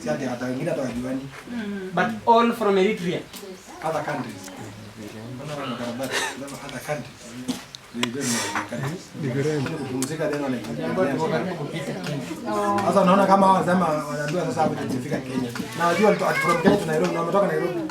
si ati hata wengine hata wajuani mm. but all from Eritrea other countries sasa unaona kama wanasema sasa hapo Kenya. Na wajua from Kenya to Nairobi na Nairobi.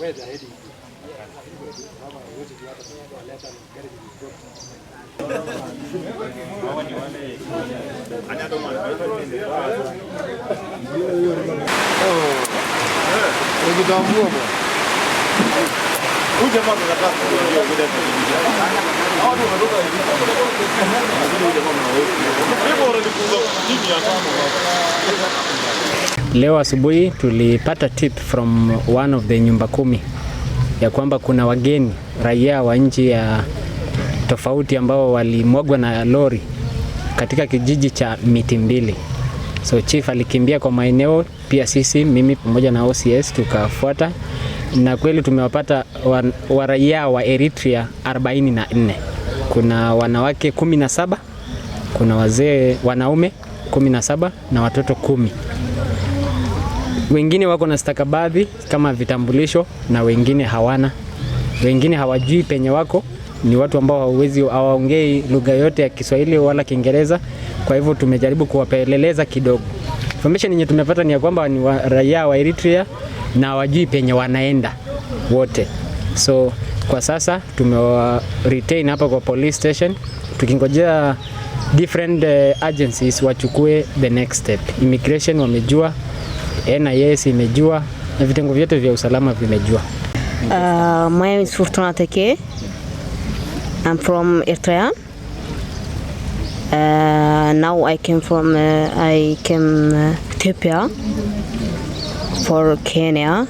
waya da yadi 여기도 안 부어봐. 우제마도 나가. 아, 누가 누가 이거. 이거 오늘 이거. 이거 오늘 이거. 이거 Leo asubuhi tulipata tip from one of the nyumba kumi ya kwamba kuna wageni raia wa nchi ya tofauti ambao walimwagwa na lori katika kijiji cha miti mbili. So chief alikimbia kwa maeneo, pia sisi mimi pamoja na OCS tukafuata, na kweli tumewapata waraia wa Eritrea 44. Kuna wanawake 17, kuna wazee wanaume 17 na watoto kumi. Wengine wako na stakabadhi kama vitambulisho na wengine hawana, wengine hawajui penye wako. Ni watu ambao hawawezi hawaongei lugha yote ya Kiswahili wala Kiingereza. Kwa hivyo tumejaribu kuwapeleleza kidogo. Information yenye tumepata ni ya kwamba ni wa, raia wa Eritrea na hawajui penye wanaenda wote, so kwa sasa tumewa retain hapa kwa police station tukingojea different uh, agencies wachukue the next step. Immigration wamejua NIS imejua na vitengo vyote vya usalama vimejua. Uh, my name is Fortuna Teke. I'm from Eritrea. Uh, now I came from uh, I came uh, Ethiopia for Kenya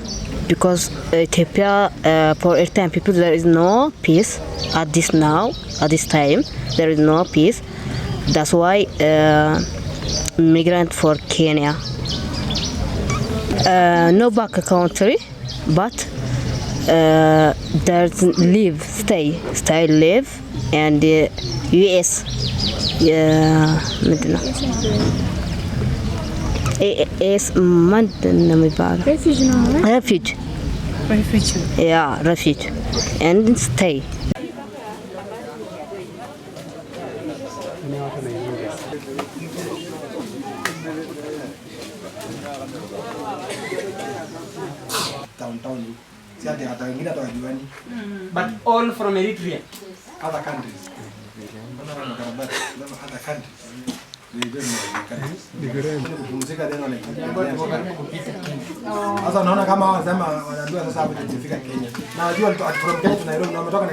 because Ethiopia uh, for Eritrean people there is no peace at this now at this time there is no peace that's why uh, migrant for Kenya Uh, no back country, but uh, there's live, stay, stay, live, and yes, uh, yeah, uh, US. Yeah, is refuge, refuge. Refuge. Yeah, refuge. And stay. town si hata hata wengine hata wajuani mm-hmm. but all from Eritrea other countries other countries oh. sasa unaona kama wanasema wanajua sasa hapo tutafika Kenya. Na wajua from Kenya na wametoka